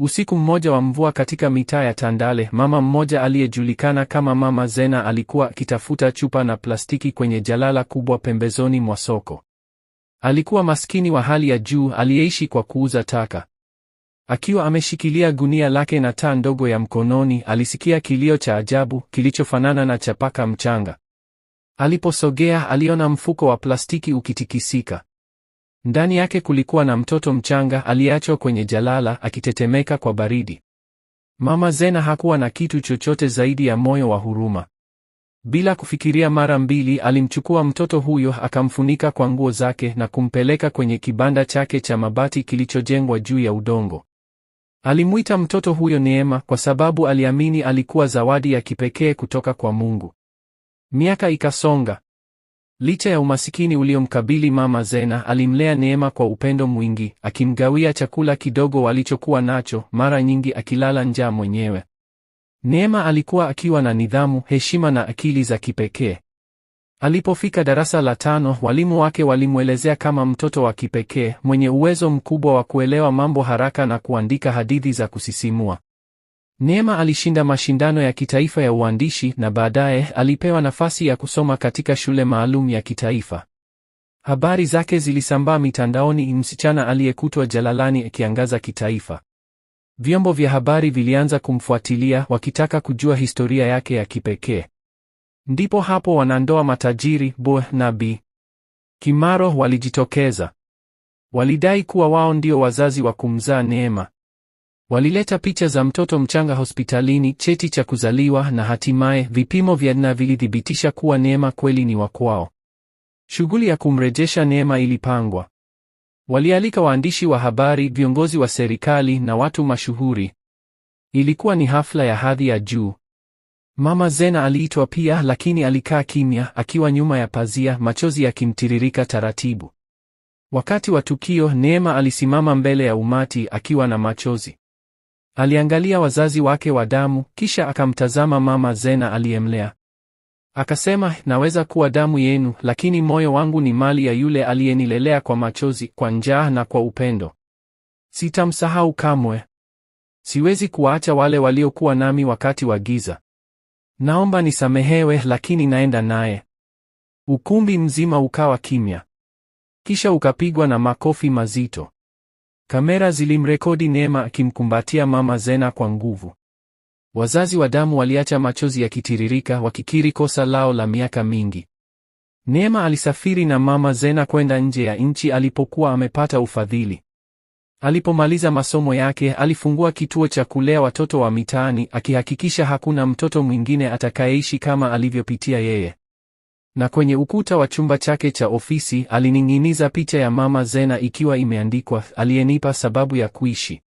Usiku mmoja wa mvua katika mitaa ya Tandale, mama mmoja aliyejulikana kama Mama Zena alikuwa akitafuta chupa na plastiki kwenye jalala kubwa pembezoni mwa soko. Alikuwa maskini wa hali ya juu aliyeishi kwa kuuza taka. Akiwa ameshikilia gunia lake na taa ndogo ya mkononi, alisikia kilio cha ajabu kilichofanana na chapaka mchanga. Aliposogea, aliona mfuko wa plastiki ukitikisika. Ndani yake kulikuwa na mtoto mchanga aliyeachwa kwenye jalala akitetemeka kwa baridi. Mama Zena hakuwa na kitu chochote zaidi ya moyo wa huruma. Bila kufikiria mara mbili, alimchukua mtoto huyo akamfunika kwa nguo zake na kumpeleka kwenye kibanda chake cha mabati kilichojengwa juu ya udongo. Alimwita mtoto huyo Neema kwa sababu aliamini alikuwa zawadi ya kipekee kutoka kwa Mungu. Miaka ikasonga. Licha ya umasikini uliomkabili mama Zena, alimlea Neema kwa upendo mwingi, akimgawia chakula kidogo walichokuwa nacho, mara nyingi akilala njaa mwenyewe. Neema alikuwa akiwa na nidhamu, heshima na akili za kipekee. Alipofika darasa la tano, walimu wake walimwelezea kama mtoto wa kipekee mwenye uwezo mkubwa wa kuelewa mambo haraka na kuandika hadithi za kusisimua. Neema alishinda mashindano ya kitaifa ya uandishi na baadaye alipewa nafasi ya kusoma katika shule maalum ya kitaifa. Habari zake zilisambaa mitandaoni, msichana aliyekutwa jalalani akiangaza kitaifa. Vyombo vya habari vilianza kumfuatilia wakitaka kujua historia yake ya kipekee. Ndipo hapo wanandoa matajiri Bo na Bi Kimaro walijitokeza. Walidai kuwa wao ndio wazazi wa kumzaa Neema. Walileta picha za mtoto mchanga hospitalini, cheti cha kuzaliwa na hatimaye vipimo vya na vilithibitisha kuwa Neema kweli ni wa kwao. Shughuli ya kumrejesha Neema ilipangwa. Walialika waandishi wa habari, viongozi wa serikali na watu mashuhuri. Ilikuwa ni hafla ya hadhi ya juu. Mama Zena aliitwa pia, lakini alikaa kimya, akiwa nyuma ya pazia, machozi yakimtiririka taratibu. Wakati wa tukio, Neema alisimama mbele ya umati akiwa na machozi. Aliangalia wazazi wake wa damu, kisha akamtazama mama Zena aliyemlea. Akasema, naweza kuwa damu yenu, lakini moyo wangu ni mali ya yule aliyenilelea kwa machozi, kwa njaa na kwa upendo. Sitamsahau kamwe. Siwezi kuwaacha wale waliokuwa nami wakati wa giza. Naomba nisamehewe, lakini naenda naye. Ukumbi mzima ukawa kimya, kisha ukapigwa na makofi mazito. Kamera zilimrekodi Neema akimkumbatia mama Zena kwa nguvu. Wazazi wa damu waliacha machozi yakitiririka wakikiri kosa lao la miaka mingi. Neema alisafiri na mama Zena kwenda nje ya nchi alipokuwa amepata ufadhili. Alipomaliza masomo yake, alifungua kituo cha kulea watoto wa mitaani akihakikisha hakuna mtoto mwingine atakayeishi kama alivyopitia yeye na kwenye ukuta wa chumba chake cha ofisi alining'iniza picha ya Mama Zena ikiwa imeandikwa, aliyenipa sababu ya kuishi.